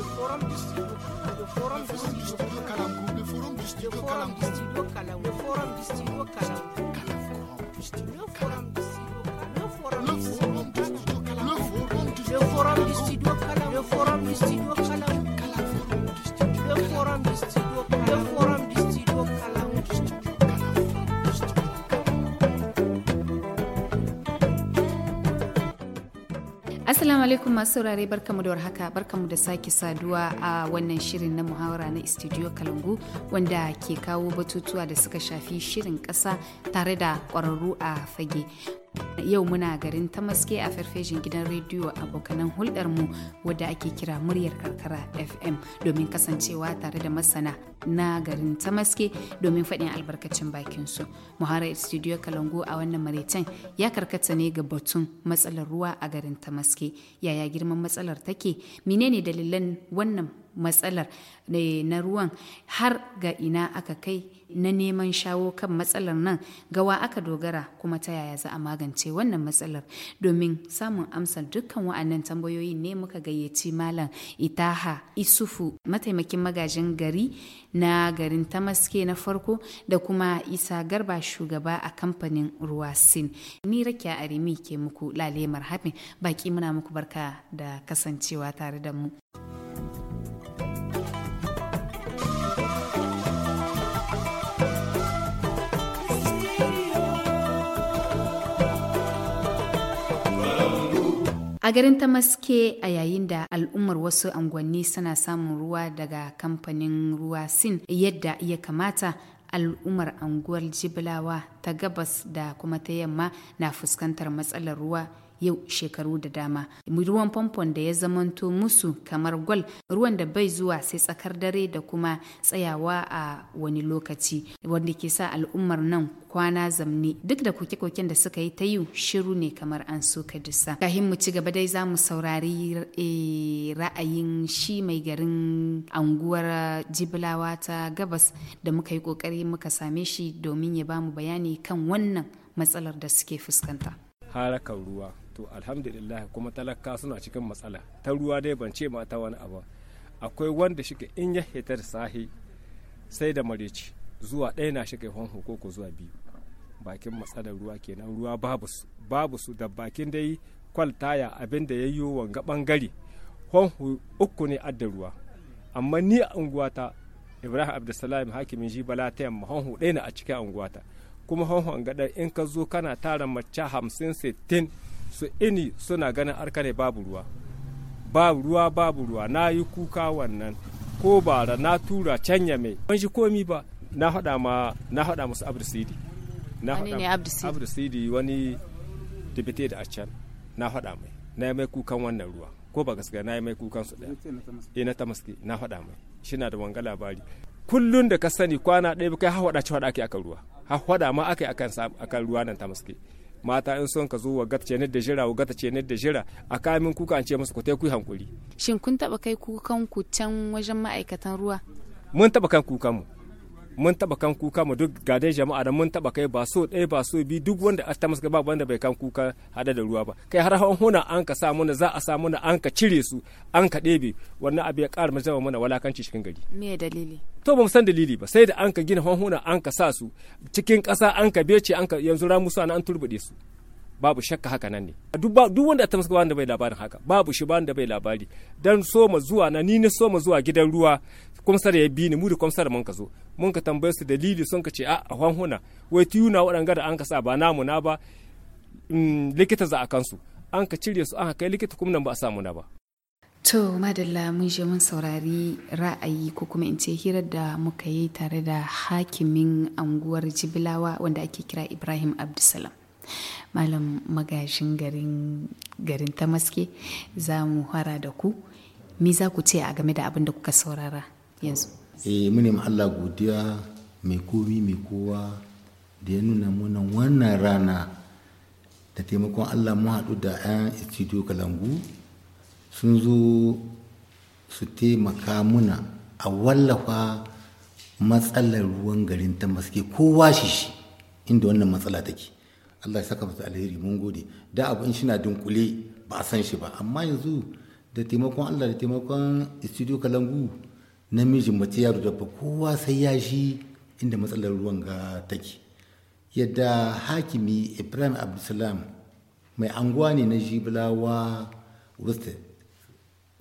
The forum du studio le forum du studio Kalamkou le forum du studio Kalamkou The forum du studio Kalamkou le forum du studio Kalamkou Assalamu alaikum masu saurare barkamu da warhaka barkamu da sake saduwa a wannan shirin na muhawara na Studio Kalangu wanda ke kawo batutuwa da suka shafi shirin ƙasa tare da ƙwararru a fage. Yau muna garin ta maske a farfejin gidan rediyo abokanan mu wadda ake kira muryar karkara FM domin kasancewa tare da masana na garin ta maske domin faɗin albarkacin bakinsu. Muhara Studio Kalango a wannan maritan ya karkata ne ga batun matsalar ruwa a garin ta maske. Yaya girman matsalar take? Menene dalilan wannan matsalar eh, na ruwan har ga ina aka kai na neman shawo kan matsalar nan gawa aka dogara kuma ta yaya za a magance wannan matsalar domin samun amsar dukkan wa'annan tambayoyin ne muka gayyaci malam itaha isufu mataimakin magajin gari na garin tamaske na farko da kuma isa garba shugaba a kamfanin ruwa sin ni rakiya arimi ke muku lalemar hafin baki muna muku barka da kasancewa tare da mu. A garin maske a yayin da al'ummar wasu unguwanni suna samun ruwa daga kamfanin ruwa Sin yadda ya kamata al'ummar anguwar Jibilawa ta gabas da kuma ta yamma na fuskantar matsalar ruwa yau shekaru da dama ruwan famfon da ya zamanto musu kamar gwal ruwan da bai zuwa sai tsakar dare da kuma tsayawa a wani lokaci wanda ke sa al'ummar nan kwana zamne duk da koke-koken da suka yi ta yi shiru ne kamar an so ka kahin mu ci gaba dai za mu saurari eh, ra'ayin shi mai garin anguwar jibilawa ta gabas da muka yi kokari muka same shi domin ya bamu bayani kan wannan matsalar da suke fuskanta. Harakar ruwa to alhamdulillah kuma talaka suna cikin matsala ta ruwa dai ban ce ma ta wani abu akwai wanda shi in ya hita da sahi sai da mareci zuwa ɗaya na shi kai honho ko zuwa biyu bakin matsalar ruwa kenan ruwa babu su babu su da bakin dai kwaltaya abin da ya yi wanga bangare honho uku ne adda ruwa amma ni a unguwata ibrahim abdulsalam hakimin ji bala ta yamma honho ɗaya na a cikin unguwata kuma honhon gadar in ka zo kana tara mace hamsin sittin su ini suna ganin arka ne babu ruwa babu ruwa babu ruwa na yi kuka wannan ko bara na tura canya mai ban shi komi ba na haɗa ma na haɗa musu abdu sidi na haɗa abdu sidi wani dibite da a can na haɗa mai na yi mai kukan wannan ruwa ko ba gaskiya na yi mai kukan su ɗaya eh na tamaski na faɗa mai shi na da wanga labari kullun da ka sani kwana ɗaya kai ha faɗa ci faɗa ake akan ruwa ha faɗa ma ake akan akan ruwa nan tamaski mata in son ka zo wa gata cenar da jira wa gata cenar da jira a kamin kuka an ce musu ku ku hankuri shin kun taɓa kai kukan ku can wajen ma'aikatan ruwa mun taba kan kukan mu mun taba kan kuka mu duk gadai jama'a da mun taba kai ba so ɗaya ba so bi duk wanda a tamas ba wanda bai kan kuka hada da ruwa ba kai har hawan huna an ka sa mana za a sa mana an ka cire su an ka ɗebe wannan abu ya ƙara mu zama mana walakanci cikin gari me dalili to ba mu san dalili ba sai da an ka gina hawan an ka sa su cikin ƙasa an ka bece an ka yanzu ramu su an turbude su babu shakka haka nan ne duk wanda ta masu wanda bai labarin haka babu shi ba wanda bai labari dan soma zuwa na ni ne soma zuwa gidan ruwa komsar ya bi ni mu da komsar mun ka zo mun ka tambaye su dalili sun ka ce a hanhuna wai na waɗanga da an ka sa ba namu na ba mm, likita za a kansu an ka cire su an kai likita kuma nan ba a samu na ba To madalla mun je mun saurari ra'ayi ko kuma in ce hirar da muka yi tare da hakimin anguwar jibilawa wanda ake kira Ibrahim Abdulsalam. Malam magashin garin garin Tamaske za mu hara da ku. Me za ku ce a game da abin da kuka saurara? yanzu eh mu Allah godiya mai komi mai kowa da ya nuna muna wannan rana da taimakon Allah mu haɗu da 'yan studio kalangu sun zo su taimaka muna a wallafa matsalar ruwan garin ta maske kowa shi shi inda wannan matsala take Allah ya saka musu alheri mun gode da abu in shina dunkule ba a san shi ba amma yanzu da taimakon Allah da taimakon studio kalangu namiji mace yaro ba kowa sai ya shi inda matsalar ruwan ga take yadda hakimi ibrahim abdulsalam mai anguwa ne na jibilawa wuste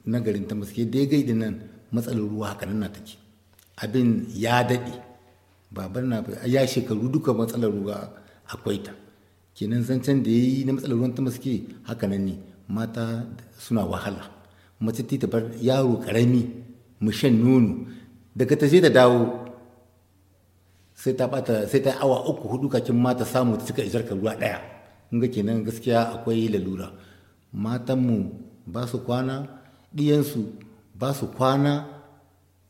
na garin ta maske da ya gaida nan matsalar ruwa haka nan na take abin ya daɗe babar na ya shekaru duka matsalar ruwa akwai ta kenan zancen da ya yi na matsalar ruwan ta maske haka nan ne mata suna wahala mace ta bar yaro karami mu shan nono daga ta je ta dawo sai ta bata sai ta awa uku hudu kakin mata samu ta cika isar ruwa daya ga kenan gaskiya akwai lalura matanmu ba su kwana ɗiyansu ba su kwana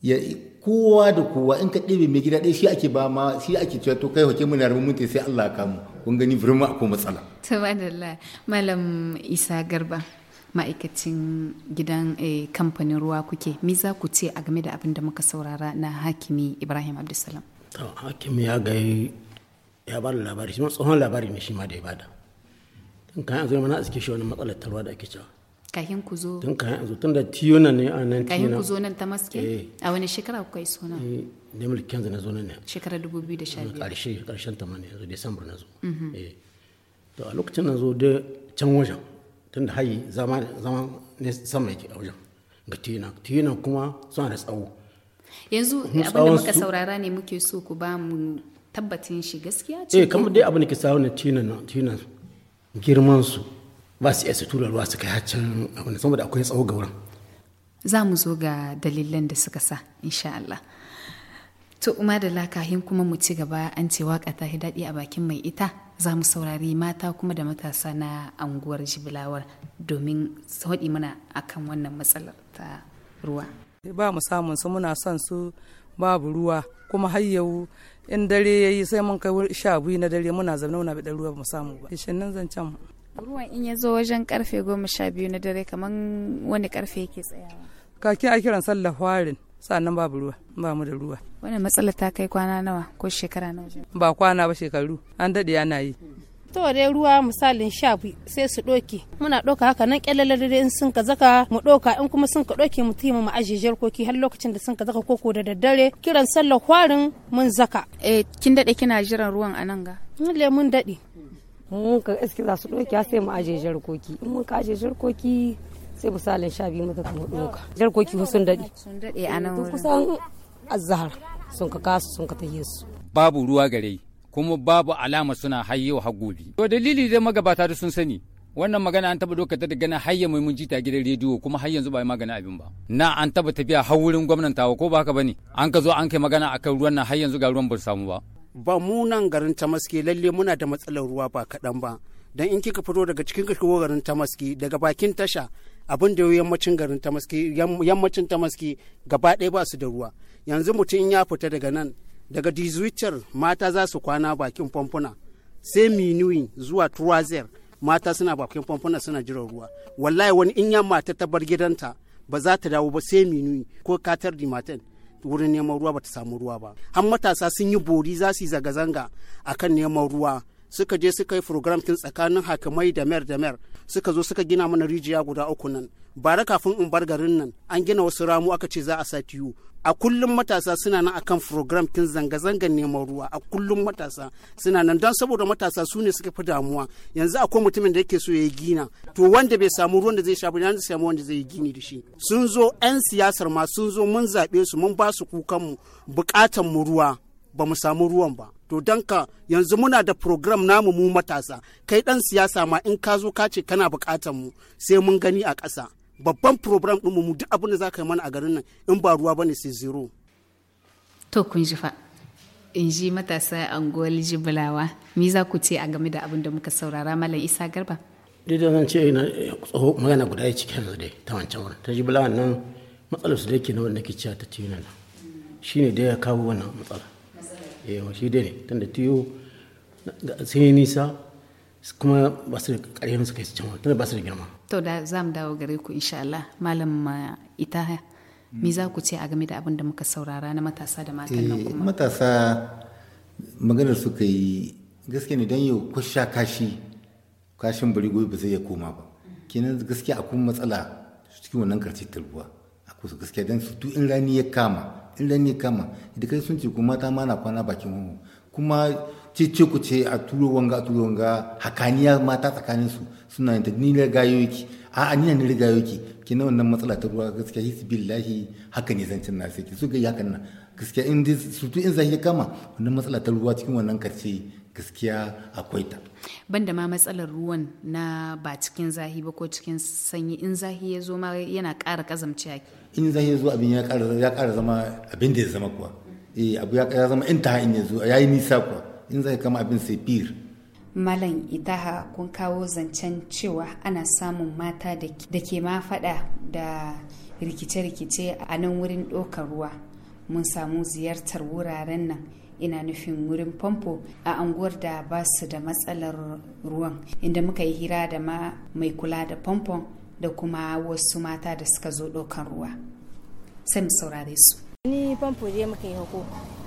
ya kowa da kowa in ka ɗebe mai gida ɗaya shi ake ba ma shi ake cewa to kai hoke muna rabin mutai sai Allah ya kamu kun gani birma akwai matsala. Tabadallah Malam Isa Garba. ma'aikacin gidan eh, kamfanin ruwa kuke me za ku ce a game da abin da muka saurara na hakimi ibrahim abdulsalam hakimi ya gai ya ba da labari shi tsohon labari ne shi ma da ya bada tun kayan zuwa mana suke shi wani matsalar tarwa da ake cewa kayan ku zo tun kayan zuwa tun da tiyo nan ne a nan kayan ku zo nan ta maske eh. a wani shekara kuka yi suna eh, ne mulkin zana zo nan ne shekara 2015 karshe karshen ta yanzu desambar na zo mhm. to a lokacin na zo da can wajen tun da hayi zama ne sama yake a wajen ga tina kuma suna da tsawo yanzu abinda muka saurara ne muke so ku ba mu tabbatin shi gaskiya ce eh kamar dai abin da ke samu na tina girman su ba su iya su tura ruwa su kai haccin abin da saboda akwai tsawo ga wurin za mu zo ga dalilan da suka sa insha Allah to umar da lakahin kuma mu ci gaba an ce waka ta daɗi a bakin mai ita za mu saurari mata kuma da matasa na anguwar jibilawar domin saudi mana akan wannan matsalar ta ruwa ba mu samun su muna son su babu ruwa kuma har in dare ya yi sai mun kai sha na dare muna zaune muna bi ruwa mu samu ba shin nan zan can ruwan in ya zo wajen karfe goma sha biyu na dare kamar wani karfe yake tsayawa kakin a kiran sallah farin sannan babu ruwa ba mu da ruwa wannan matsalar ta kai kwana nawa ko shekara nawa ba kwana ba shekaru an dade ana yi to dai ruwa misalin sha sai su doke muna doka haka nan kyalalar da in sun ka zaka mu doka in kuma sun ka doke mu tima mu ajiye jarkoki har lokacin da sun ka zaka koko da daddare kiran sallar kwarin mun zaka eh kin dade kina jiran ruwan anan ga lalle mun dade mun ka za su doke sai mu ajiye jarkoki in mun ka ajiye jarkoki sai misalin sha biyu mata kuma ɗauka jarkoki sun daɗe sun daɗe a nan kusan azahar sun ka kasu sun ka su babu ruwa gare kuma babu alama suna hayyo har gobe to dalili da magabata da sun sani wannan magana an taba ta da ganin hayya mai mun jita gidan rediyo kuma har yanzu ba magana abin ba na an taba tafiya har wurin gwamnan tawa ko ba ka bane an ka zo an kai magana akan ruwan nan har yanzu ga ruwan ba samu ba ba mu nan garin tamaske lalle muna da matsalar ruwa ba kaɗan ba dan in kika fito daga cikin kashewar garin tamaske daga bakin tasha abin da yammacin garin tamaski yammacin tamaski gaba ɗaya ba su da ruwa yanzu mutum ya fita daga nan daga dizwicar mata za su kwana bakin famfuna sai minuwi zuwa turazer mata suna bakin famfuna suna jiran ruwa wallahi wani in ya ta bar gidanta ba za ta dawo ba sai minuwi ko katar matan wurin neman ruwa ba ta samu ruwa ba har matasa sun yi bori za su yi zanga-zanga akan neman ruwa suka je suka yi program kin tsakanin hakimai da mer da mer suka zo suka gina mana rijiya guda uku nan ba ra kafin in bar garin nan an gina wasu ramu aka ce za a sati tiyo a kullum matasa suna nan akan program kin zanga zangan neman ruwa a kullum matasa suna nan don saboda matasa su ne suka fi damuwa yanzu akwai mutumin da yake so ya yi gina to wanda bai samu ruwan da zai sha ba yanzu samu wanda zai yi gini da shi sun zo 'yan siyasar ma sun zo mun zaɓe su mun ba su kukan mu bukatan mu ruwa ba mu samu ruwan ba to danka yanzu muna da program namu mu matasa kai dan siyasa ma in ka zo ka ce kana bukatan mu sai mun gani a ƙasa babban program ɗin mu duk abin da za ka yi mana a garin nan in ba ruwa bane sai zero to kun ji fa in ji matasa anguwar jibulawa me za ku ce a game da abin da muka saurara malam isa garba duk da zan ce na tsoho magana guda ya cikin yanzu dai ta wancan wurin ta jibulawa nan matsalar su da ke na wanda ke cewa ta ce nan shine da ya kawo wannan matsala yawa eh, shi dai ne tunda tiyo sun yi nisa kuma ba su da ƙarfin su kai su cewa tunda ba su da girma to da za mu dawo gare ku insha Allah malam ma ita me za ku ce a game da abin da muka saurara na matasa da matan nan kuma eh, matasa maganar suka yi gaske ne don yau ko sha kashi kashin bari gobe ba zai ya koma ba kenan gaskiya akwai matsala cikin wannan karshe talbuwa akwai su gaskiya don su in rani ya kama in rani kama da sun ce ku mata ma na kwana bakin mu kuma ce ce ku ce a turo wanga a turo wanga hakaniya mata tsakanin su suna yin na ni rigayoyi a a ni na rigayoyi kina wannan matsala ta ruwa gaskiya his billahi haka ne zancin na sai su ga yakan nan gaskiya in surtu in zai kama wannan matsala ta ruwa cikin wannan karshe gaskiya akwai ta banda ma matsalar ruwan na ba cikin zahi ba ko cikin sanyi in zahi ya zo ma yana ƙara kazamciya in zan yi zuwa abin ya kara zama abin da ya zama kuwa eh abu ya zama in ta in ya zo ya yi nisa kuwa in zai kama abin sai fir Malam itaha kun kawo zancen cewa ana samun mata da ke ma fada da rikice-rikice a nan wurin ɗaukar ruwa. Mun samu ziyartar wuraren nan ina nufin wurin famfo a anguwar da ba su da matsalar ruwan inda muka yi hira da ma mai kula da famfon da kuma wasu mata da suka zo ɗaukan ruwa sai mu saurare su ni famfo je muka yi hako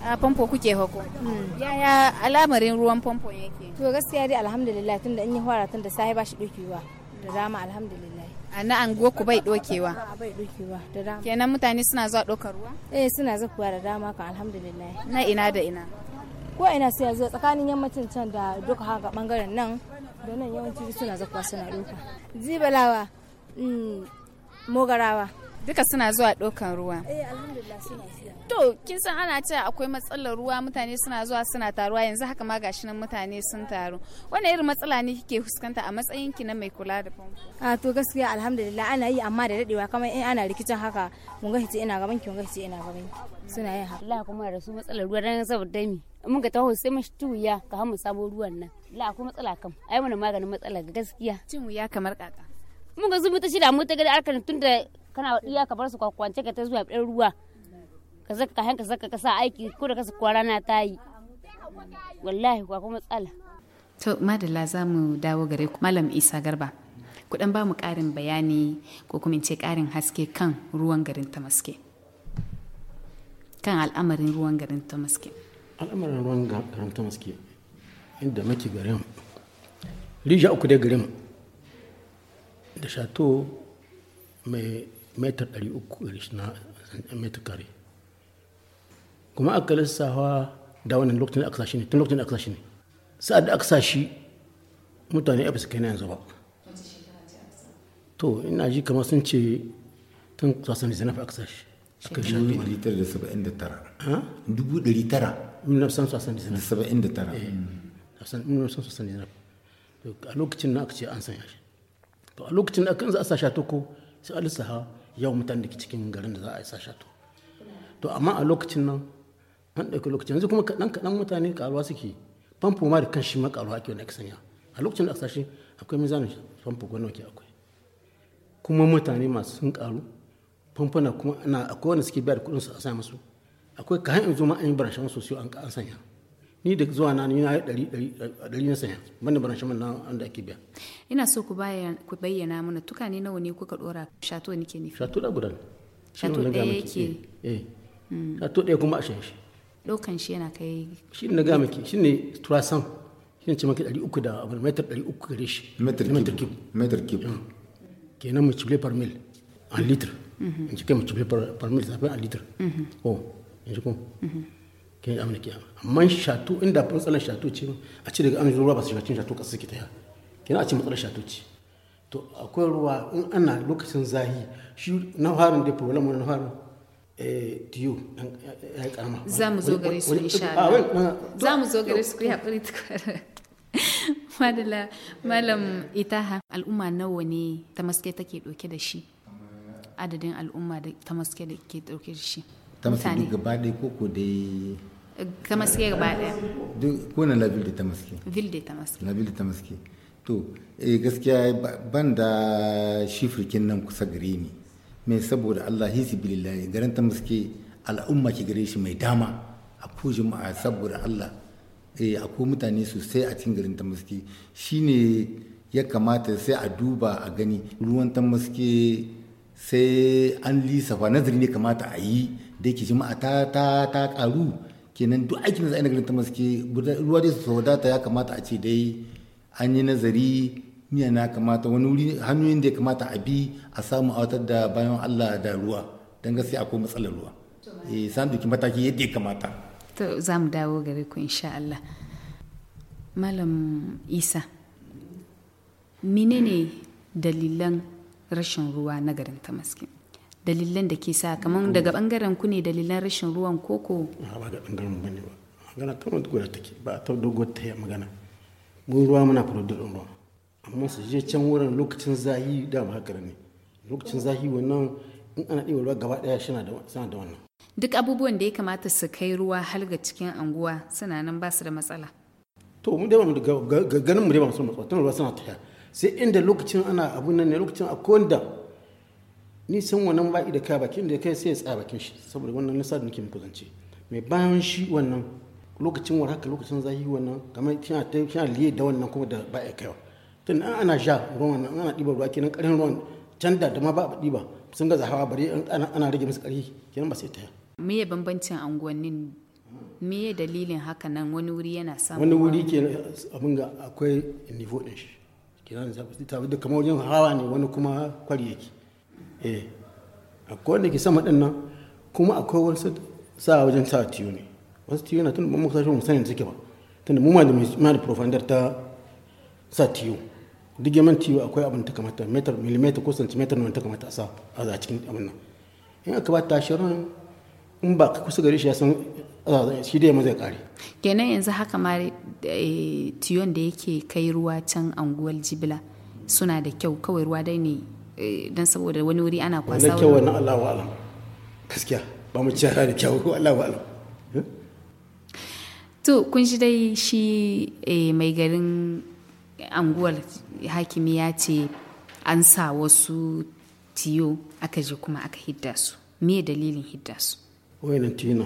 a famfo kuke hako mm. yaya alamarin ruwan famfo yake to gaskiya dai alhamdulillah tunda in yi fara tunda sai ba shi dokewa da dama alhamdulillah a na anguwa ku bai dokewa bai dokewa da dama kenan mutane suna zuwa ɗaukar ruwa eh suna zakuwa da dama kan alhamdulillah na ina da ina ko ina sai zo tsakanin yammacin can da duka haka bangaren nan da nan yawanci suna zakwa suna ɗauka zibalawa Mm. mogarawa duka suna zuwa ɗaukan ruwa eh alhamdulillah suna to kin san ana cewa akwai matsalar ruwa mutane suna zuwa suna taruwa yanzu haka ma gashi nan mutane sun taru wannan irin matsala ne kike fuskanta a matsayin ki na mai kula da famfo a to gaskiya alhamdulillah ana yi amma da dadewa kamar in ana rikicin haka mun ga hice ina gaban ki mun ga hice ina gaban ki suna yin haka Allah kuma da su matsalar ruwa dan saboda mi mun ga taho sai mun ci wuya ka hamu sabo ruwan nan la akwai matsala kam ai mana maganin matsala gaskiya cin wuya kamar kaka mun ga zumu ta shida mu ta gari arkan tunda kana iya ka bar su kwakwance ka ta zuwa ɗan ruwa ka zaka ka hanka zaka ka sa aiki ko da ka su kwara na ta yi wallahi kwa kuma matsala to madalla za mu dawo gare ku malam isa garba ku dan ba mu karin bayani ko kuma in ce karin haske kan ruwan garin tamaske kan al'amarin ruwan garin tamaske al'amarin ruwan garin tamaske inda muke garin rija uku da garin da shato mai metar 300 metar kare kuma aka lissafa da wannan lokacin da aka sashi ne tun lokacin da aka sashi ne sa'ad da aka sashi mutane ya kai na yanzu ba to ina ji kamar sun ce tun sasan da zanafa aka sashi aka shi ne dubu 1979 eh, a lokacin na aka ce an sanya shi to a lokacin da za a sa shato ko sai alisa saha yau mutan da ke cikin garin da za a yi sa shato to amma a lokacin nan an ɗauki lokacin yanzu kuma kaɗan kaɗan mutane karuwa suke famfo ma da kan shi makaruwa ake wani sanya a lokacin da aka sashi akwai mizanin famfo gwamna ke akwai kuma mutane masu sun karu famfona kuma akwai wanda suke biya da kuɗinsu a sa musu akwai kayan yanzu ma an yi barashen sosai an sanya ni da zuwa na nuna na ɗari ɗari na saya banda baran shaman na wanda ake biya ina so ku bayyana mana ne nawa ne kuka dora shato ke nufi shato da gudan shato ɗaya yake eh, eh. Hmm. shato ɗaya kuma a shanshi shi ɗaukan shi yana kai shi na gama ke shi ne turasan shi ne cimaki ɗari uku da abu metar ɗari uku gare shi metar kip metar kib kenan mu cible par mil a litre mhm. in ci kai mu cible par mil zafi a litre mhm. oh yanzu kuma mhm. kin amna ki amma shatu inda matsalar shatu ce a ce daga amna ruwa ba su shato shatu kasu suke ta kina a ce matsalar shatu ce to akwai ruwa in ana lokacin zahi shi na harin da problem na harin eh, tiyo ya karama za mu zo gare su insha Allah za mu zo gare su ku hakuri tukar madala malam itaha al'umma nawa ne ta maske take dauke da shi adadin al'umma ta maske da ke dauke da shi ta maske gaba ko koko dai Tamaski maske gaba daya kuna la ville de ta maske ville de ta la ville de ta to eh gaskiya ban da shifrikin nan kusa gare ni Me saboda Allah hisi bilillahi garin ta al'umma ki gare shi mai dama a ko jama'a saboda Allah eh akwai mutane sosai a cikin garin ta Shi shine ya kamata sai a duba a gani ruwan ta sai an fa nazari ne kamata a yi da ke jima'a ta ta ta karu kenan duk aikin da na garin ta maske ruwa dai su wadata ya kamata a ce dai an yi nazari miya na kamata wani wuri hanyoyin da ya kamata a bi a samu autar da bayan Allah da ruwa don a akwai matsalar ruwa e eh, san duki mataki yadda ya kamata to za mu dawo gare ku insha Allah malam Isa menene dalilan rashin ruwa na garin ta maske dalilan da ke sa kamar daga bangaren ku ne dalilan rashin ruwan koko ba da bangaren mu ne ba magana ta wani guda take ba ta dogo ta yi magana mu ruwa muna fara da ruwa amma su je can wurin lokacin zahi da ba haka ne lokacin zahi wannan in ana ɗiba ruwa gaba ɗaya suna da wannan duk abubuwan da ya kamata su kai ruwa har ga cikin anguwa suna nan ba su da matsala to mu dai ba mu ganin mu dai ba mu matsala tun ruwa suna ta sai inda lokacin ana abun nan ne lokacin akwai wanda ni san wannan ba'i da ka bakin da kai sai ya tsaya bakin shi saboda wannan nasa da nake muku zance mai bayan shi wannan lokacin war haka lokacin zahi wannan kamar kina ta kina liye da wannan kuma da ba'i kaiwa tun an ana sha ruwan nan ana ɗiba ruwa kenan ƙarin ruwan can da ma ba a ɗiba sun gaza hawa bari ana rage musu ƙarfi kenan ba sai ta me ya bambancin anguwannin me ya dalilin haka nan wani wuri yana samun wani wuri ke abin ga akwai nivo ɗin shi kenan ta da kamar wajen hawa ne wani kuma kwari yake eh akwai wanda ke sama din nan kuma akwai wasu sa wajen sa tiyo ne wasu tiyo na tun ba mu mu sanin suke ba tun mu ma da ma da profandar ta sa tiyo duk yaman tiyo akwai abin ta kamata meter millimeter ko centimeter ne ta kamata a sa a cikin abin nan in aka ba ta shirin in ba ka kusa gari shi ya san shi da yamma zai kare kenan yanzu haka ma eh, tiyon da yake kai ruwa can anguwar jibila suna da kyau kawai ruwa dai ne Eh, dan saboda wani wuri ana kwasa wani Allah Allahu alam gaskiya ba mu ci da kyawu Allahu alam eh? to kun shi dai shi eh, mai garin anguwar hakimi ya ce an sa wasu tiyo aka je kuma aka hidda su me dalilin hidda su wayanan tiyuna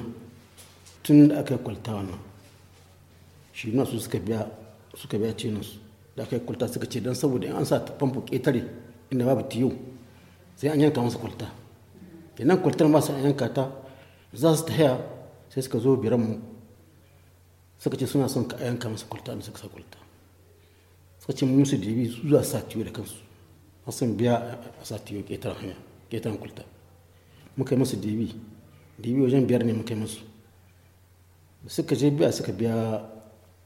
tun da aka kwalta wannan shi na su suka biya suka biya tiyunansu da aka kwalta suka ce don saboda in an sa famfo ƙetare inda babu tiyo sai an yanka masa kwalta kenan kwaltar masu an yanka ta za su taya sai suka zo biran mu suka ce suna son ka yanka masa kwalta da suka sa kwalta suka ce musu dibi zuwa sa tiyo da kansu a sun biya a sa tiyo ƙetaren hanya ƙetaren kwalta muka yi musu dibi dibi wajen biyar ne muka yi musu suka je biya suka biya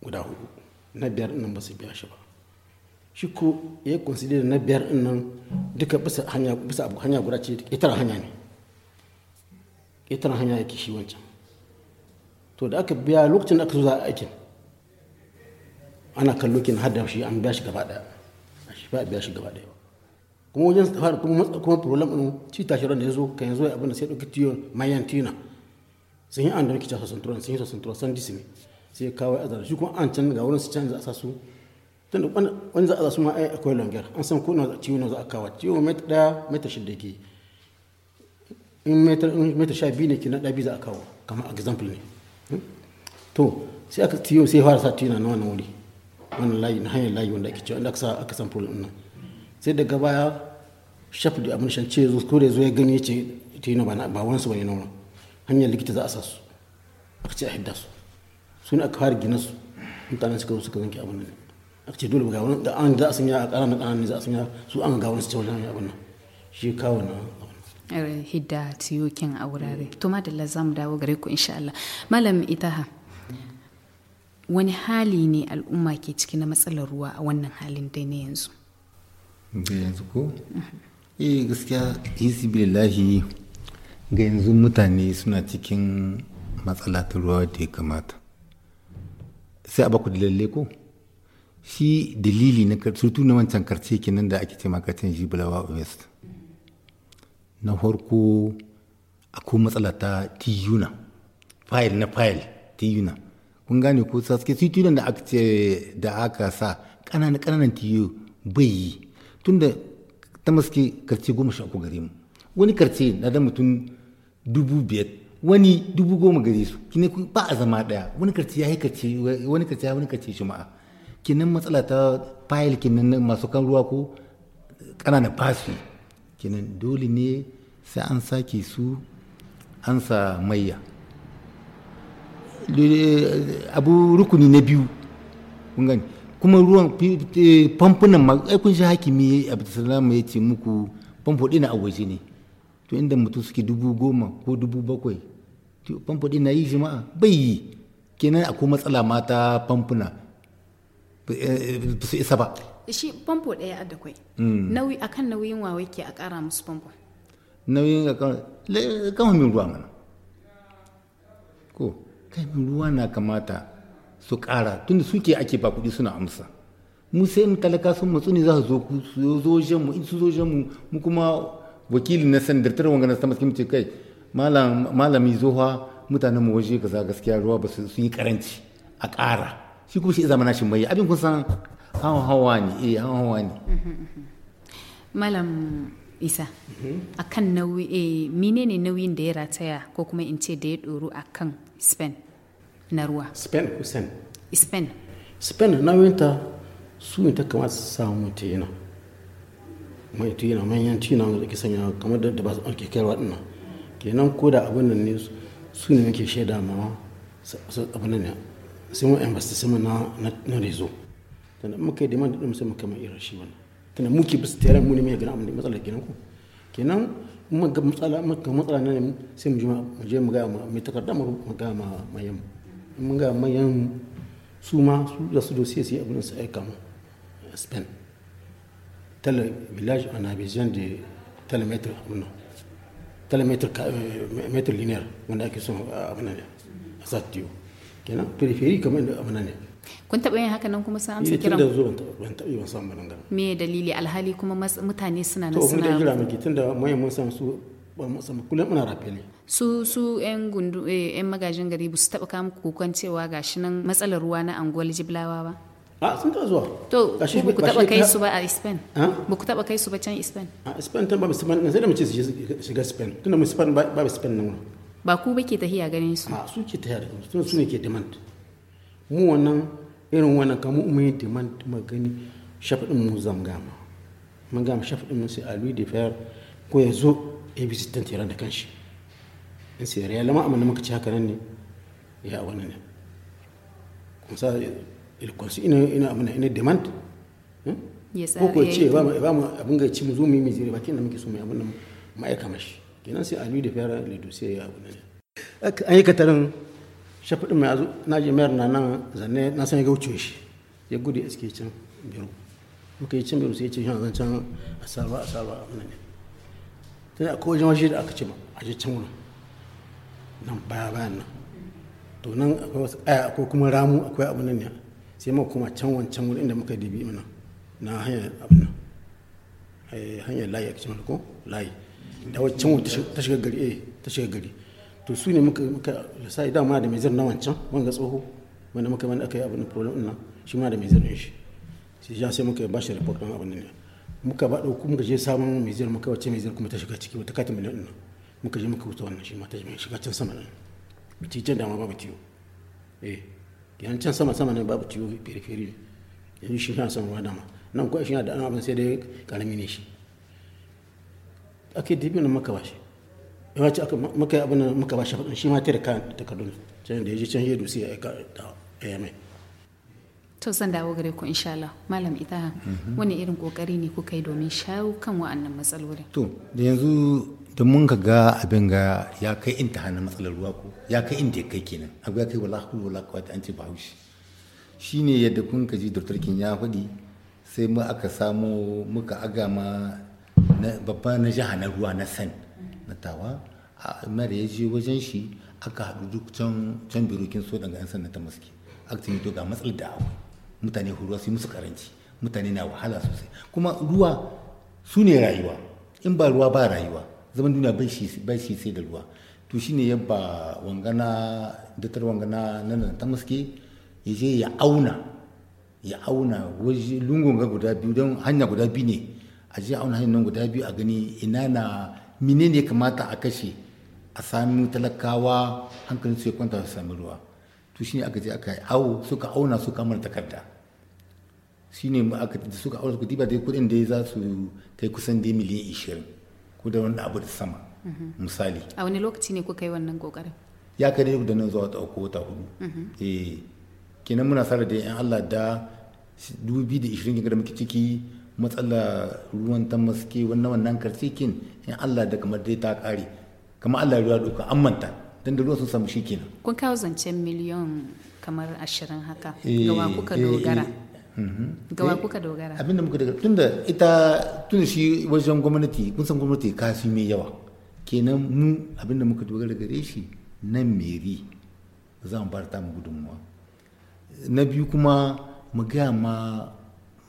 guda hudu na biyar nan ba su biya shi ba shi ko ya consider na biyar din nan duka bisa hanya bisa abu hanya guda ce ƙetaren hanya ne ƙetaren hanya yake shi wancan to da aka biya lokacin da aka zo za a aikin ana kallo kin har da shi an biya shi gaba daya shi ba biya shi gaba daya kuma wajen tafara kuma kuma problem din ci tashi ran da yazo kan yazo abin da sai dauki tiyo mayan tina sun yi an da kita sosan turan sun yi sosan turan san disini sai kawai azara shi kuma an can ga wurin su canza sasu. tun tunda wani za a zasu ma eh, akwai longer an san ko ciwo na za a kawo ciwo mita daya mita shida ke in mita sha biyu ne ke na daya biyu za a kawo kamar example ne hmm? to sai aka ciwo sai fara sa tiyo na wani wuri wani layi na hanyar layi wanda ake ciwo inda aka san problem nan sai daga baya shaf da abin shan ce ko da zo ya gani ya ce tiyo ba ba wansu ba ne na wurin hanyar likita za a sa su aka ce a hidda su su ne aka fara gina su mutanen suka zo suka zanke abin nan aka ce dole ga wani da an za a sanya a ƙananan ne za a sanya su an ga wani su ce wani abin nan shi kawo na hidda tiyokin a wurare to madalla za mu dawo gare ku insha Allah malam itaha wani hali ne al'umma ke ciki na matsalar ruwa a wannan halin dai na yanzu da yanzu ko eh gaskiya isi billahi ga yanzu mutane suna cikin matsala ta ruwa da ya kamata sai a baku da lalle ko shi dalili na surtu na wancan karce kenan da ake ce makarcin jibulawa west na farko akwai matsala ta tiyuna fayil na fayil tiyuna kun gane ko saske tiyunan da aka ce da aka sa ƙananan ƙananan tiyo bai yi tunda ta maske karce goma sha uku gare mu wani karce na da mutum dubu biyar wani dubu goma gare su kine ba a zama daya wani karce ya yi karce wani karce ya wani karce ma'a kinin matsala ta fayil kinin masu kan ruwa ko ƙananan fasu kinin dole ne sai an sake su an sa mayya eh, abu rukuni na biyu kuma ruwan famfunan ma kun shi hakimi abdulsalam ya ce muku famfo ɗina a waje ne to inda mutum suke dubu goma ko dubu bakwai famfo ɗina yi jama'a bai yi kenan akwai matsala mata famfuna su isa ba shi famfo ɗaya adda kwai hmm. nauyi kan nauyin wawai ke a ƙara musu famfo nauyin kan kama min ruwa mana ko kai min ruwa na kamata su ƙara da suke ake ba kuɗi suna amsa mu sai mu talaka sun matsu ne za su zo ku su zo jan mu in su zo jan mu mu kuma wakilin na dirtar wanga na sama ce kai malami zuwa mutanen mu waje ka za gaskiya ruwa ba su yi karanci a ƙara shi kuma shi zama nashin mai abin kun san hawa hawa ne eh hawa hawa ne malam isa mhm. a kan nauyi eh mine ne nauyin da ya rataya ko kuma in ce da ya doru a kan spain na ruwa spain ko spain spain spain nauyinta su ne ta kamata su samu ta yana mai ta yana manyan tina da ke sanya kamar da ba su ake kyarwa dinnan kenan ko da abin nan ne su ne muke shaida ma abin nan ne sai mu ambasta sama na na rezo tana muka da man da mu sama kamar irin shi wannan tana muke bisa tare mu ne mai gina amma matsalar gina ku kenan mu ga matsala mu ga matsala ne sai mu je mu je mu ga mai takarda mu ga ma mayan mun ga mayan su ma su da su dosiye sai abin su aika mu spain tel village en a besoin de tel mètre abin tel mètre mètre wanda ake son abin da a kenan periferi kamar inda amana ne kun taɓa yin haka nan kuma sun amsa kiran tunda zo ban taɓa ban samu nan gara me dalili alhali kuma mutane suna nan suna to mun jira miki tunda mai mun san su ba mu samu kullum muna ne. su su yan gundu yan eh, magajin gari ba su taɓa kama kukan cewa gashi nan matsalar ruwa na angol jiblawa ba a sun ta zuwa to ba ku taɓa kai su ba a spain ba ku taɓa kai su ba can spain a spain ta ba spain sai da mu ce su shiga spain tunda mu spain ba spain nan ba ku ba ke tahiya ganin su a su ke tahiya da su su ne ke demand mu wannan irin wannan kamar umar yin demand ma gani shafiɗin mu zam gama mun gama shafiɗin mu sai alwi da fayar ko ya zo ya bi sittan tiran da kanshi in sai ya lama amma muka ci haka nan ne ya wani ne kun sa ilkonsu ina ina amana ina demand hmm? ko ko ce ba mu abin ga ci mu zo mu yi mizira bakin da muke so mu abin da mu mashi kenan sai a lui da fara le dossier ya abu ne an yi katarin shafiɗin mai azu na ji mayar na nan zanne na san ya gauce shi ya gudu iske can biro muka yi can biro sai ya ce shi a can a saba a saba a wannan ne tun a kowajen waje da aka ce ma a je can wurin nan baya bayan nan to nan akwai wasu aya akwai kuma ramu akwai abu nan ne sai muka kuma can wancan wurin inda muka dibi mana na hanyar abu nan eh, hanyar layi a cikin ko layi da waccan ta shiga gari eh, ta shiga gari to su ne muka muka sa idan ma da mai zir na wancan wani ga tsoho wanda muka wanda aka yi abin problem din nan shi ma da mai zir shi sai ja sai muka ba shi report din abin ne muka ba dauko muka je samun mai zir muka wacce mai zir kuma ta shiga ciki wata katin miliyan din muka je muka wuta wannan shi ma ta shiga can sama nan bici can dama babu tiyo eh yan can sama sama ne babu tiyo fere-fere yanzu shi yana son ruwa dama nan kuwa shi yana da abin sai dai karami ne shi ake dibin maka bashi ya ce aka maka yi abin maka bashi faɗin shi ma ta da kayan takardun can da ya je can ya dusi ya aika da AMA. To zan dawo gare ku insha Allah Malam ita mhm. wani irin kokari ne kuka yi domin shawo kan wa'annan matsalolin. To da yanzu da mun ka ga abin ga ya kai inta hannun matsalar ruwa ko ya kai in ya kai kenan abu ya kai wallahi kullu wala kawata an ce shi shine yadda kun ka ji doktor Kin ya faɗi sai mu aka samu muka agama babba na jiha na ruwa na san na tawa mara ya je wajen shi aka haɗu duk can can birokin so daga 'yan sanda ta maske aka to ga matsalar da akwai mutane ruwa su musu karanci mutane na wahala sosai kuma ruwa su ne rayuwa in ba ruwa ba rayuwa zaman duniya bai shi sai da ruwa to shine ya ba wangana datar wangana nan ta maske ya je ya auna ya auna waje lungun ga guda biyu don hanya guda biyu ne a ji a wani nan guda biyu a gani ina na mine ne kamata a kashe a sami talakawa hankalin su ya kwanta su sami ruwa to shine aka je aka yi awo suka auna suka mana takarda shine mu aka da suka auna suka diba dai kudin da za su kai kusan dai miliyan ishirin ko da wani abu da sama mhm. misali a wani lokaci ne kuka yi wannan kokarin ya kai da nan zuwa uku wata hudu mhm. eh kenan muna sa da yan Allah da dubi da ishirin da muke ciki matsala ruwan ta maske wannan wannan karsikin in Allah da kamar dai ta kare kamar Allah ruwa doka an manta dan da ruwan sun samu shi kenan kun kawo zancen miliyon kamar ashirin haka eh, gawa kuka eh, dogara eh. Mhm. gawa kuka dogara abinda muka dogara tunda ita tun shi wajen gwamnati kun san gwamnati kasu mai yawa kenan mu abinda muka dogara gare shi nan meri za mu bar ta mu gudunmuwa na biyu kuma mu gaya ma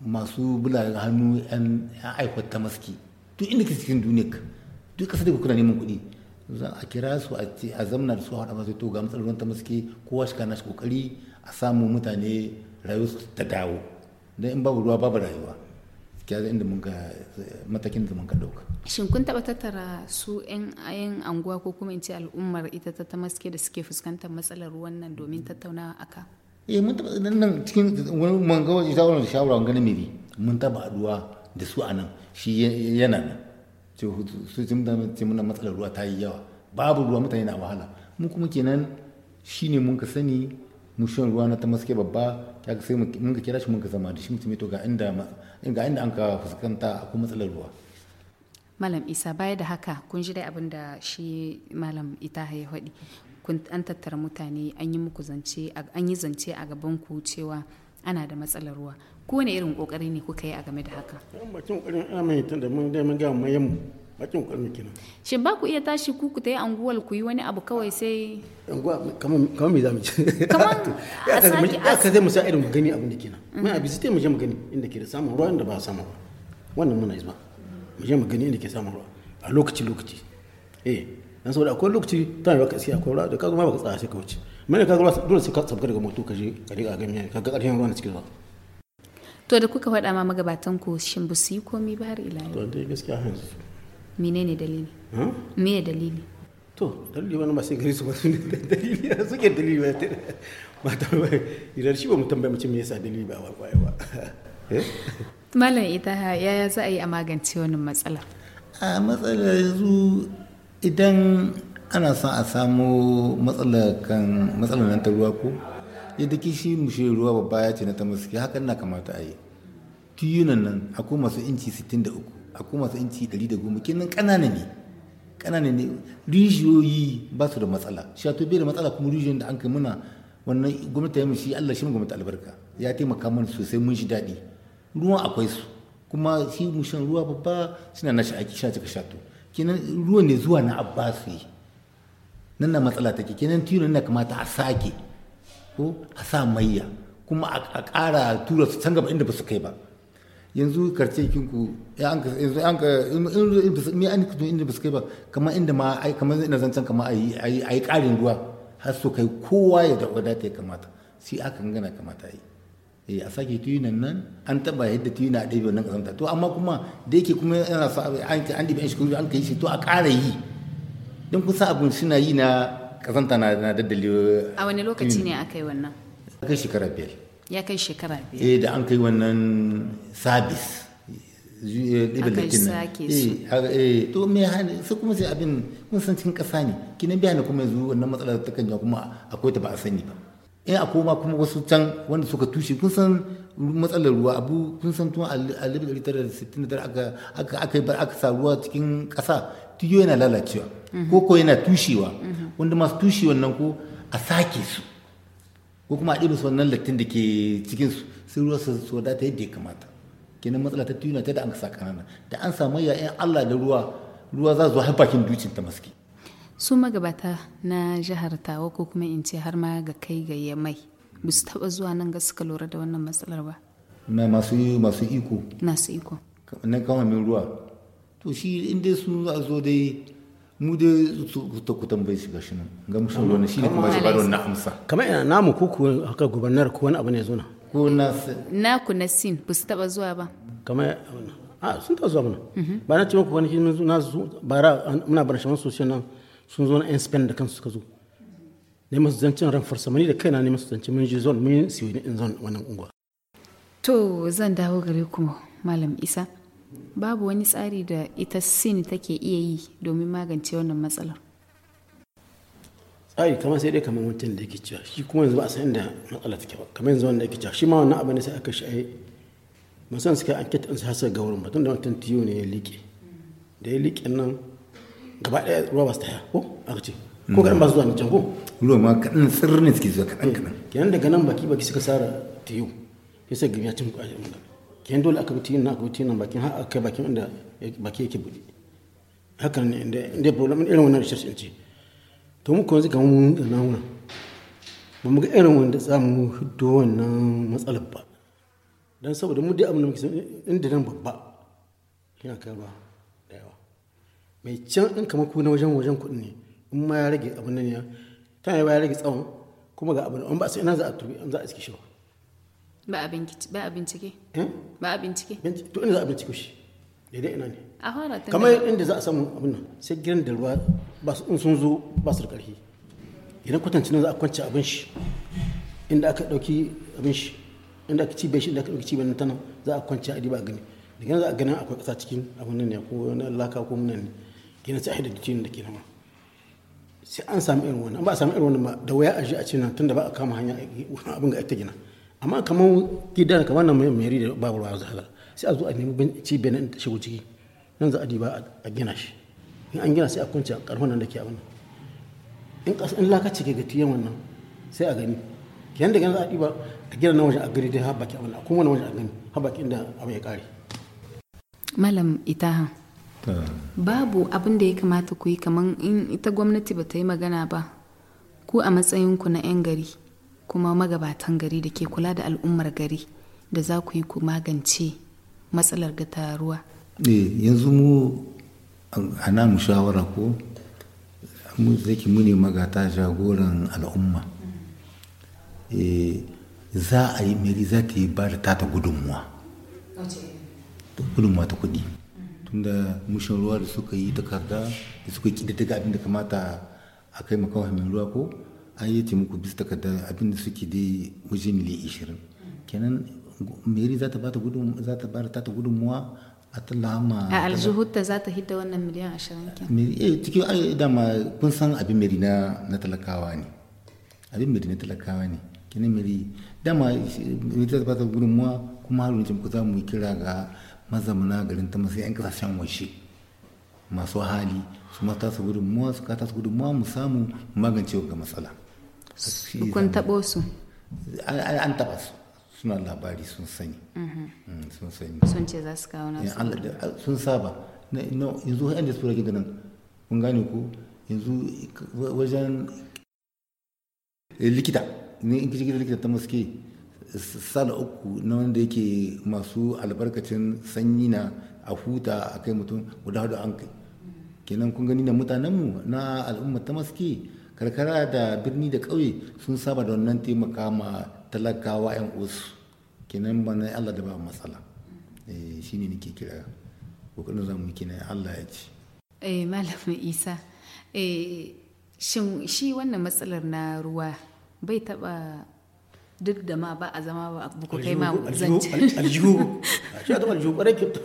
masu bula hannu yan ta maski duk inda ke cikin duniya duk kasar da kuna neman kuɗi a kira su a zamna da su haɗa masu to ga matsalar ruwan ta maske kowa shi kana shi kokari a samu mutane su ta dawo don in babu ruwa babu rayuwa gaskiya inda mun ka matakin da mun ka dauka shin kun taba tattara su yan ayan anguwa ko kuma in ce al'ummar ita ta maske da suke fuskantar matsalar ruwan nan domin tattaunawa aka eh mun taba nan cikin mun ga shawara shawara ganin mai mun taba ruwa da su anan shi yana nan su mutane ce muna matsalar ruwa ta yi yawa babu ruwa mutane na wahala mu kuma kenan shi ne mun ka sani mu shan ruwa na ta maske babba ya sai mun ka kira shi mun ka zama da shi mutum to ga inda ga inda an ka fuskanta akwai matsalar ruwa malam isa baya da haka kun ji dai abin da shi malam ita ya faɗi kun an tattara mutane an yi muku zance an yi zance a gaban ku cewa ana da matsalar ruwa ne irin kokari ne kuka yi a game da haka bakin kokarin ana mai tunda mun dai mun ga mayan bakin kokarin kenan shin ba ku iya tashi ku ku tayi anguwal ku yi wani abu kawai sai anguwa kaman kaman me za mu ci kaman a ka zai mu sa irin gani abin da kenan mun mm-hmm. a bisite mu je mu gani inda ke da samun ruwa inda ba samu ruwa wannan muna ba mu je mu gani inda ke samun ruwa a lokaci lokaci eh dan saboda akwai lokaci tana da kasi akwai ruwa da ka zama baka tsaya sai ka wuce mai ka ruwa dole sai ka sabka daga moto ka je ka riga ganin ka ga karshen ruwa na cikin ruwa to da kuka faɗa ma magabatan ku shin ba su yi komai ba har ila yau to dai gaskiya yanzu menene dalili me ne dalili to dalili wani sai gari su masu dalili a suke dalili ba ba ta ba idan shi ba mu tambaye mutum me yasa dalili ba ba ba eh? malam ita yaya za a yi a magance wannan matsala a matsalar yanzu idan ana son a samu matsalar kan ta ruwa ko yadda kishi mushe ruwa babba ya ce na ta muske hakan na kamata a yi tiyunan nan akwai masu inci 63 akwai masu inci 110 kinan kanana ne kanana ne rijiyoyi ba su da matsala shato bai da matsala kuma rijiyoyin da an kai muna wannan gwamnati ya mishi Allah shi gwamnati albarka ya taimaka mana sosai mun shi daɗi ruwan akwai su kuma shi mushen ruwa babba suna nashi aiki na cika shato kenan ruwan ne zuwa na yi nan na matsala take kenan tilo na kamata a sake ko a sa mayya kuma a ƙara tura su can gaba inda ba su kai ba yanzu karce kinku yanzu an ka me an inda ba su kai ba kamar inda ma ai kamar ina zancen kamar ai yi ai ƙarin ruwa har su kai kowa ya da wadata ya kamata sai aka gana kamata yi Eh, a sake tuyunan nan an taba yadda tuyuna a ɗaya wannan ƙazanta to amma kuma da yake kuma yana sa an ɗabi an shi an kai shi to a ƙara yi don kusa abin suna yi na ƙazanta na daddali eh, a wani lokaci ne aka yi wannan ya kai shekara biyar ya kai shekara biyar eh da an kai wannan sabis ɗabi da kinan eh to me hani kuma sai abin kun san cikin ƙasa ne kinan biya ne kuma yanzu wannan matsalar ta kan kuma akwai ta ba a sani ba in a koma kuma wasu can wanda suka tushe kun san matsalar ruwa abu kun san tun a da aka bar aka sa ruwa cikin ƙasa tiyo yana lalacewa mhm. ko ko yana tushewa mhm. wanda masu tushe wannan ko a sake su ko kuma a ɗiba su wannan lattin da ke cikin su sai ruwa su wadata yadda ya kamata kenan matsala ta tiyo na ta da an sa kanana da an samu ya'yan allah da ruwa ruwa za su zo har bakin dukin ta maske su magabata na jihar tawa ko kuma in ce har ma ga kai ga yamai ba su taba zuwa nan ga suka lura da wannan matsalar ba na masu masu iko su iko na kama min ruwa to shi in su a zo dai mu dai ta ku shiga shi nan ga mushin ruwa shi ne kuma shi ba da wannan amsa kamar ina namu ko ku haka gubernar ko wani abu ne zo na ko na na ku na sin ba su taba zuwa ba kamar a ah, sun taba zuwa mana mhm. ba na ce muku wani na bara muna bar shi sosai nan sun zo na yan spain da kansu suka zo ne masu zancen ran farsamani da kaina ne masu zancen mun ji zon mun yi siyo in zon wannan unguwa to zan dawo gare ku malam isa babu wani tsari da ita sin take iya yi domin magance wannan matsalar tsari kamar sai dai kamar mutum da yake cewa shi kuma yanzu ba a san inda matsala take ba kamar yanzu wanda yake cewa shi ma wannan abin da sai aka shi eh, ai musan suka an kitan su hasa ga wurin batun da mutum tiyo ne ya liƙe da ya liƙe nan gaba daya ruwa ba su taya ko a ce ko kadan ba su zuwa can ko ruwa ma kadan tsirrin ne suke zuwa kadan eh, kadan kenan daga nan baki baki suka sara tiyo ya sai gami ya cin kwaje mun kenan dole aka bi tiyin na aka bi nan bakin har aka bakin inda baki yake buɗe hakan ne inda inda problem irin wannan research ɗin ce to mu ko kuma kamar mun da namuna ba mu ga irin wanda za mu hiddo wannan matsalar ba dan saboda mu dai abin da muke inda nan babba kina kai ba mai can in kama ku na wajen wajen kuɗi ne in ma ya rage abin nan ya ta yi ya rage tsawon kuma ga abin ba su ina za a turbi za a ciki shi ba abin ba ba abin eh? to ina za a bincike shi daidai ina ne a tun kamar inda za a samu abin nan sai girin da ruwa ba su in sun zo ba su da ƙarfi idan kwatanci nan za a kwance abin shi inda aka ɗauki abin shi inda aka cibe shi inda aka ɗauki ci bai nan za a kwance a diba a gani daga nan za a gani akwai ƙasa cikin abin nan ne ko na laka ko nan ne gina sai a hidda jinin da ke nan sai an sami irin wannan ba a sami irin wannan da waya a ji a ce tun da ba a kama hanya abin ga ita gina amma kamar gida kamar nan mai meri da babu ruwa za a sai a zo a nemi ci benin ta shigo ciki nan za a diba a gina shi in an gina sai a kwanci a karfin nan da ke abin in kasa in lakaci ga gatiyan wannan sai a gani kenan da gani za a diba a gina na wajen a gari dai har baki abin a kuma na wajen a gani har baki inda abin ya kare malam itaha babu abin da ya kamata ku yi kamar in ita gwamnati ba ta yi magana ba ku a matsayinku na 'yan gari kuma magabatan gari da ke kula da al'ummar gari da za ku yi ku magance matsalar gata ruwa eh, yanzu mu a mu shawara ko mu zaki mu ne magata jagoran al'umma eh, za a yi meri za ta yi ba da tata gudunmuwa gudunmuwa ta kudi tunda mushin ruwa da suka yi takarda da suka yi ƙididdiga abin da kamata a kai makawa mai ruwa ko an yi taimako bisa takarda abin da suke dai waje miliyan ishirin kenan meri za ta ba ta gudunmuwa a talama a aljuhutta za ta hita wannan miliyan ashirin kenan eh cikin ai dama kun san abin meri na na talakawa ne abin meri na talakawa ne kenan meri dama meri za ta ba ta gudunmuwa kuma haru har yanzu za mu yi kira ga mazauna garin ta masu 'yan kasashen washe masu hali su mata su gudunmuwa su kata su gudunmuwa mu samu magance ga matsala kun taɓo su an taɓa su suna labari sun sani mhm. mm, sun sani sun ce za su kawo nasu sun saba yanzu yan da su rage da nan kun gane ko yanzu wajen eh, likita ne in kici likita ta maske sana uku na wanda yake masu albarkacin sanyi na a huta a kai mutum guda hudu an kai kenan kun gani na mutanenmu na al'umma ta maske karkara da birni da ƙauye sun saba da wannan taimaka ma talakawa 'yan osu kenan ba na allah da ba matsala eh, shi ne nake kira kokarin zamu kenan allah ya ci eh malamin isa eh shin shi wannan matsalar na ruwa bai taba duk da ma ba a zama ba ku kai ma zance aljihu ya to aljihu kwarai ki to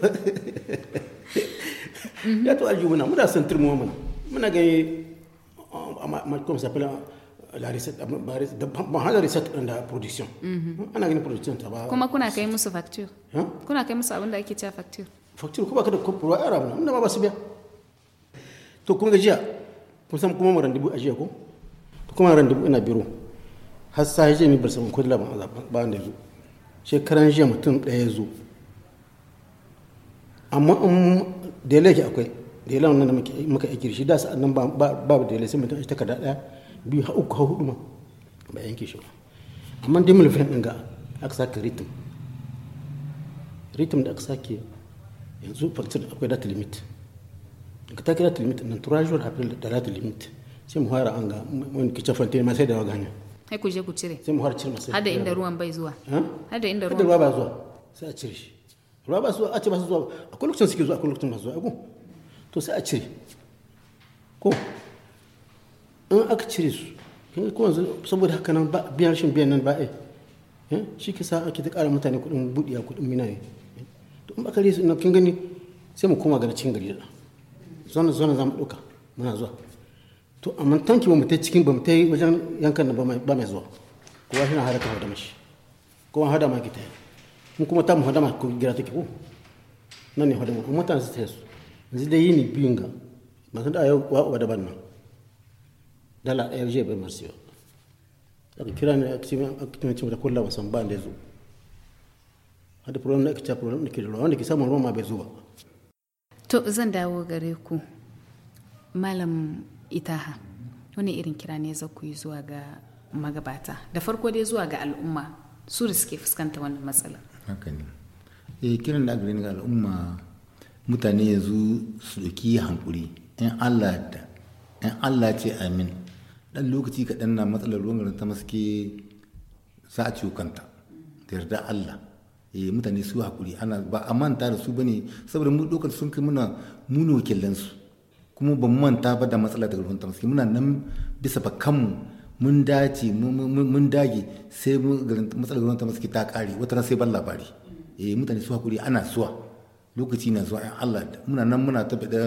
ya to aljihu na muna son turmo mana muna ga uh, ma comme ça s'appelle uh, la recette ba hada recette da production mhm. ana ganin production ta ba kuma kuna kai musu facture kuna kai musu abin da ake cewa facture facture kuma kada ku ruwa ara mun da ba su biya to kun ga jiya kun san kuma mu randibu a jiya ko to kuma randibu ina biro har sa jiya ne bar samu ko ba da zo shekaran jiya mutum ɗaya ya zo amma in da yake akwai da yalan wannan da muka yi shi da sa'an nan ba ba da yalan sai mutum ta kada ɗaya biyu har uku har hudu ma ba yanke shi ba amma dai mulfin din ga aka saka ritim ritim da aka sake yanzu faktir akwai data limit ka ta kira data limit nan turajiyar april da data limit sai mu fara an ga wani kicin fantai ma sai da wa gane sai ku je ku cire sai mu har cire masa hada inda ruwan bai zuwa hada inda ruwan ruwa ba zuwa sai a cire shi ruwa ba zuwa a ce ba su zuwa akwai lokacin suke zuwa akwai lokacin ba zuwa ko to sai a cire ko in aka cire su ko yanzu saboda haka nan ba biyan shin biyan nan ba eh shi ke sa ake ta ƙara mutane kuɗin buɗiya kuɗin mina ne eh. to in baka resu kin gani sai mu koma ga cikin gari da zona zona za mu ɗauka muna zuwa to amma tanki ba mu ta cikin ba mu ta yi wajen yankan ba mai zuwa kowa shi na hada ka hada mashi kowa hada ma kita mu kuma ta mu hada ma ko gira take ko nan ne hada mu amma ta su ta su yanzu dai yini biyun ga masu da yau wa wa daban nan dala ɗaya je bai marsiyo aka kira ne a cikin cikin da kullum san ba da zo hada problem na aka problem da ke da wanda ke samun ruwan ma bai zo ba to zan dawo gare ku malam itaha wani irin kira ne za ku yi zuwa ga magabata da farko dai zuwa ga al'umma su da suke fuskanta wannan matsala e ne eh, kiran da aka ga al'umma mutane yanzu su ɗauki hankuri in Allah da in Allah ce amin dan lokaci kaɗan na matsalar ruwan ta maske za a ciwo kanta da yarda Allah e mutane su hakuri ana ba a manta da su bane saboda mu ɗaukar sun kai muna mu wakilansu kuma ba mu manta ba da matsala daga rufin tamski muna nan bisa ba kanmu mun dace mun dage sai matsalar rufin tamski ta kare wata ran sai ban labari eh mutane su hakuri ana suwa lokaci na zuwa Allah muna nan muna tabbata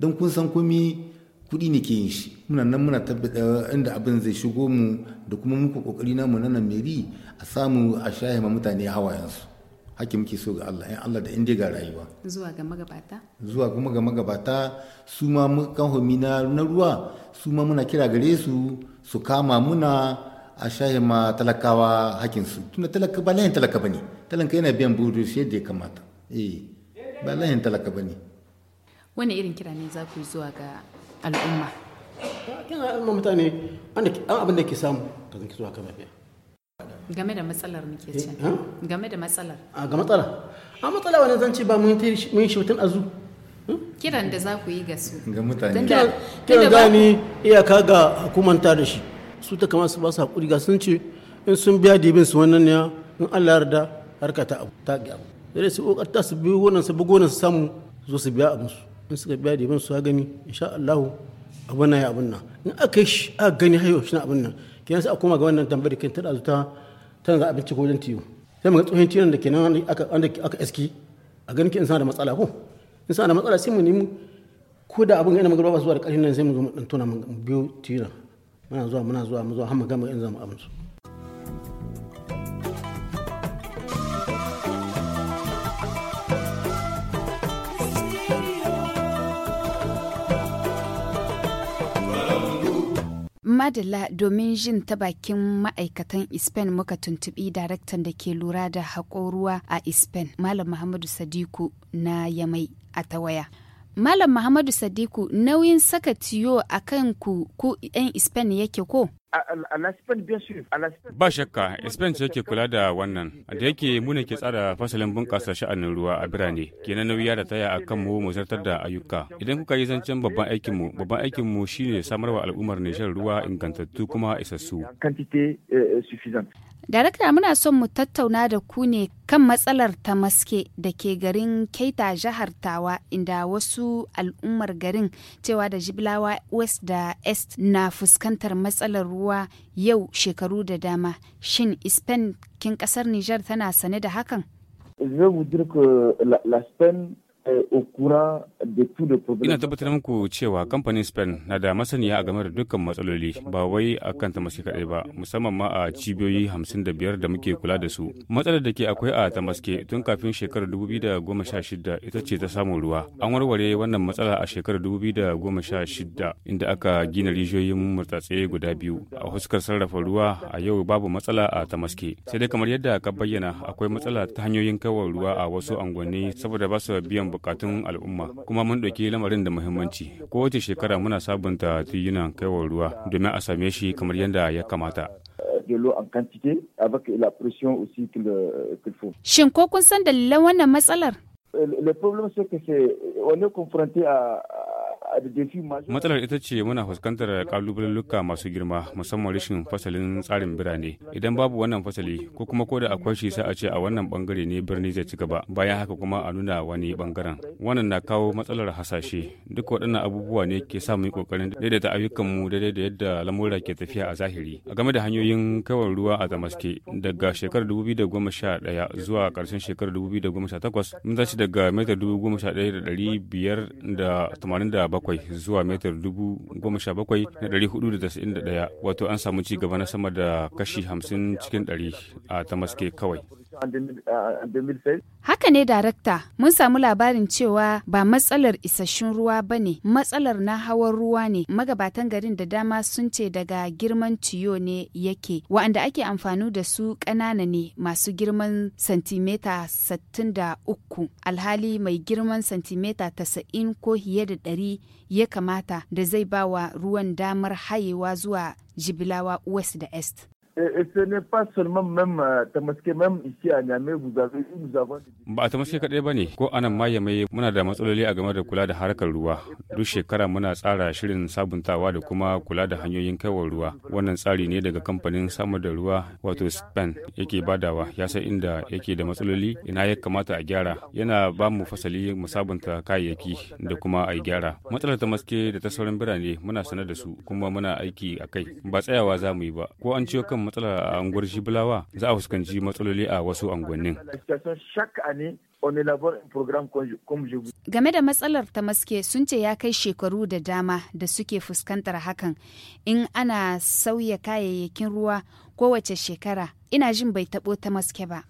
don kun san komi kuɗi ne ke yin shi muna nan muna tabbata inda abin zai shigo mu da kuma muku kokari namu na nan meri a samu a shaye ma mutane hawayensu hakim muke so ga Allah in Allah da inda ga rayuwa zuwa ga magabata zuwa kuma ga magabata su ma kan homi na ruwa su ma muna kira gare su su kama muna a shahi ma talakawa hakin su tunda talaka ba layin talaka bane talaka yana biyan buru shi yadda ya kamata eh ba layin talaka bane wani irin kira ne za ku yi zuwa ga al'umma kina al'umma mutane an abin da ke samu ka ki zuwa kamar biya game da matsalar muke eh, ce game da matsalar a ga matsala a matsala wani zan ce ba mun yi shi mutum azu hmm? kiran da za ku yi ga su ga mutane kiran gani iyaka ga hukumanta da shi su ta kama su ba su haƙuri ga sun ce in sun biya dibin su wannan ya in Allah yarda harka ta abu ta abu dole su kokarta su biyo wannan su bugo su samu zo su biya abin su in suka biya dibin su ha gani insha Allah abun na ya abun nan in aka yi shi aka gani hayo shi na abun nan kenan sai a koma ga wannan tambayar kin ta dazu ta tana za a bincika wajen tiyo sai mu ga tsohon tiyon da kenan aka wanda aka eski a ganin ki in da matsala ko in da matsala sai mu nemi ko da abin yana magana ba zuwa da ƙarfin nan sai mu zo mu dan tona mu biyo tiyon muna zuwa muna zuwa mu zo har mu gama in mu abinci madalla domin jin ta bakin ma'aikatan spain muka tuntubi daraktan da ke lura da haƙo ruwa a spain malam muhammadu sadiku na yamai a tawaya Malam Muhammadu Sadiku nauyin saka tiyo a kan ku ku 'yan Spain yake ko? Ba shakka, Spain ce ke kula da wannan, da yake muna ke tsara fasalin bunƙasa sha'anin ruwa a birane, kenan nauyi da taya a kan mu mu zartar da ayyuka. Idan kuka yi zancen babban aikin mu, babban aikin mu shine samarwa al'ummar Nijar ruwa ingantattu kuma isassu. Euh, Darakta muna son mu tattauna da ku ne kan matsalar ta maske da ke garin keta jihar Tawa inda wasu al'ummar garin cewa da jiblawa West da East na fuskantar matsalar ruwa yau shekaru da dama. Shin Spain kin kasar Nijar tana sane da hakan? la Spain Ina tabbatar muku cewa kamfanin Spain na da masaniya a game da dukkan matsaloli ba wai a kan kaɗai ba musamman ma a cibiyoyi hamsin da biyar da muke kula da su. Matsalar da ke akwai a Tamaske tun kafin shekarar shida ita ce ta samun ruwa. An warware wannan matsala a shekarar sha shida inda aka gina rijiyoyin murtatse guda biyu. A huskar sarrafa ruwa a yau babu matsala a Tamaske. Sai dai kamar yadda ka bayyana akwai matsala ta hanyoyin kawar ruwa a wasu unguwanni saboda ba su biyan bukatun al'umma kuma mun ɗauki lamarin da muhimmanci kowace shekara muna sabunta tiyunan kaiwa ruwa domin a same shi kamar yadda ya kamata Shin ko kun san dalilan wannan matsalar? le problème c'est que c'est on est confronté à, Matsalar ita ce muna fuskantar kalubaluka masu girma musamman rashin fasalin tsarin birane. Idan babu wannan fasali ko kuma ko da akwai shi sai a ce a wannan bangare ne birni zai ci gaba bayan haka kuma a nuna wani bangaren. Wannan na kawo matsalar hasashe duk waɗannan abubuwa ne ke sa mu yi ƙoƙarin daidaita ayyukanmu daidai da yadda lamura ke tafiya a zahiri. A game da hanyoyin kawar ruwa a Damaske daga shekarar 2011 zuwa ƙarshen shekarar 2018 mun tashi daga metar 11,587 bakwai zuwa metar dubu goma sha bakwai na ɗari hudu da tasa'in da ɗaya wato an samu ci gaba na sama da kashi hamsin cikin ɗari a tamaske kawai Haka ne darakta, mun samu labarin cewa ba matsalar isasshun ruwa ba ne, matsalar na hawan ruwa ne, magabatan garin da dama sun ce daga girman ciyo ne yake, wa'anda ake amfani da su ƙanana ne masu girman santimeta 63, alhali mai girman santimeta 90 ko fiye da ɗari ya kamata da zai ba wa ruwan damar hayewa zuwa Jibilawa West da Est. Et ce n'est pas seulement même euh, Tamaske, même ici à Niamey, vous avez nous avons... Ba Tamaske kaɗai ba ne, ko anan ma mai muna da matsaloli a game da kula da harkar ruwa. Duk shekara muna tsara shirin sabuntawa da kuma kula da hanyoyin kaiwar ruwa. Wannan tsari ne daga kamfanin samar da ruwa wato Span yake badawa, ya san inda yake da matsaloli, ina ya kamata a gyara. Yana ba mu fasali mu sabunta kayayyaki da kuma a gyara. Matsalar Tamaske da ta sauran birane muna sanar da su kuma muna aiki a kai. Ba tsayawa za mu yi ba, ko an ciyo kan matsalar a unguwar Jibilawa za a fuskanci matsaloli a wasu unguwannin. Game da matsalar ta maske sun ce ya kai shekaru da dama da suke fuskantar hakan in ana sauya kayayyakin ruwa kowace shekara ina jin bai taɓo ta maske ba.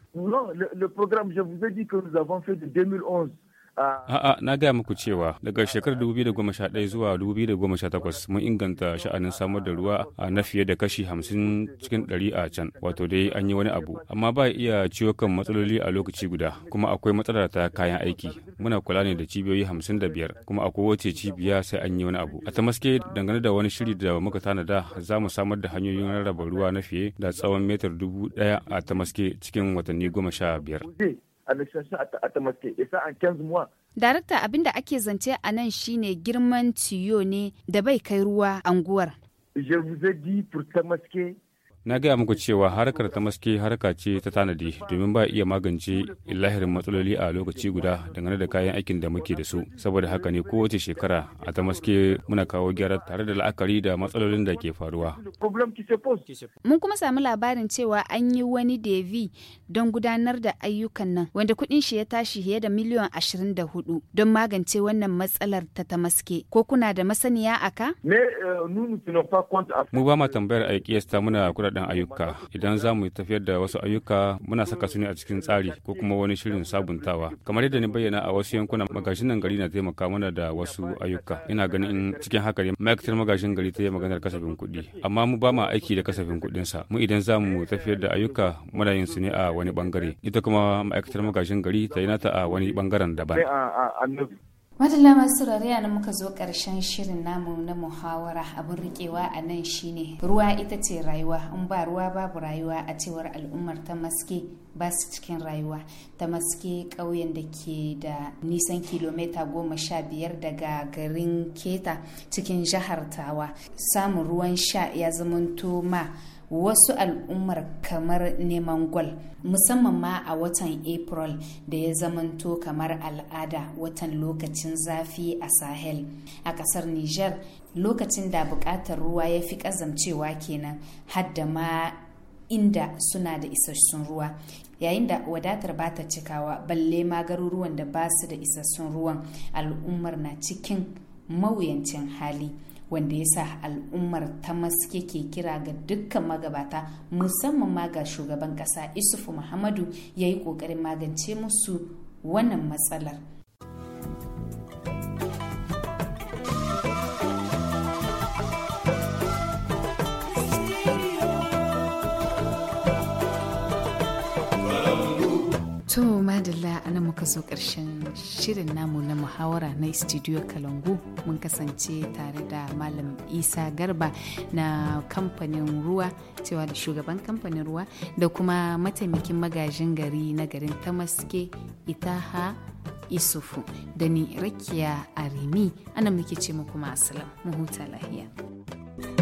A'a na gaya muku cewa daga shekarar 2011 zuwa 2018 mun inganta sha'anin samar da ruwa na fiye da kashi 50 cikin 100 a can wato dai an yi wani abu amma ba iya ciwo kan matsaloli a lokaci guda kuma akwai matsalar ta kayan aiki muna kula ne da cibiyoyi 55 kuma akwai wace cibiya sai an yi wani abu a tamaske dangane da wani shiri da muka tanada za mu samar da hanyoyin rarraba ruwa na fiye da tsawon metar dubu daya a tamaske cikin watanni goma sha biyar. a a ta maske isa an 15 zumuwa. darakta abinda ake zance a nan shine girman tiyo ne da bai kai ruwa anguwar je vous ai dit pour maske. Na gaya muku cewa harkar ta maske harka ce ta tanadi domin ba iya magance lahirin matsaloli a lokaci guda dangane da kayan aikin da muke da su. Saboda haka ne kowace shekara a ta maske muna kawo gyara tare da la'akari da matsalolin da ke faruwa. Mun kuma samu labarin cewa an yi wani devi don gudanar da ayyukan nan wanda kuɗin shi ya tashi fiye da miliyan 24 don magance wannan matsalar ta ta maske. Ko kuna da masaniya aka? Eh, Mu ba ma tambayar a muna kuɗa ɗan ayyuka idan za mu tafiyar da wasu ayyuka muna saka su ne a cikin tsari ko kuma wani shirin sabuntawa kamar yadda ni bayyana a wasu yankuna magashin nan gari na taimaka mana da wasu ayyuka ina ganin cikin haka ne ma'aikatar magashin gari ta yi maganar kasafin kuɗi amma mu ba ma aiki da kasafin kuɗin sa mu idan za mu tafiyar da ayyuka muna yin su ne a wani bangare ita kuma ma'aikatar magashin gari ta yi nata a wani bangaren daban madalla masu rariya muka zo ƙarshen shirin namu na muhawara abin rikewa a nan shine ruwa ita ce rayuwa in ba ruwa babu rayuwa a cewar al'ummar ta maske ba su cikin rayuwa ta maske ƙauyen da ke da nisan kilomita goma sha biyar daga garin keta cikin jihar tawa samun ruwan sha ya zamanto ma wasu al'ummar kamar neman gwal musamman ma a watan april da ya zamanto kamar al'ada watan lokacin zafi a sahel a kasar niger lokacin da bukatar ruwa ya fi kazamcewa kenan hadda ma inda suna da isassun ruwa yayin da wadatar ba ta cikawa balle ma garuruwan da ba su da isassun ruwan al'ummar na cikin mawuyancin hali wanda ya sa al'ummar ta maske ke kira ga dukkan magabata musamman ma ga shugaban kasa isufu muhammadu ya yi ƙoƙarin magance musu wannan matsalar madalla ana muka so ƙarshen shirin namu na muhawara na studio kalangu mun kasance tare da malam isa garba na kamfanin ruwa cewa da shugaban kamfanin ruwa da kuma mataimakin magajin gari na garin tamaske itaha isufu da ni rakiya arimi ana muke ce muku masalam mu huta lahiya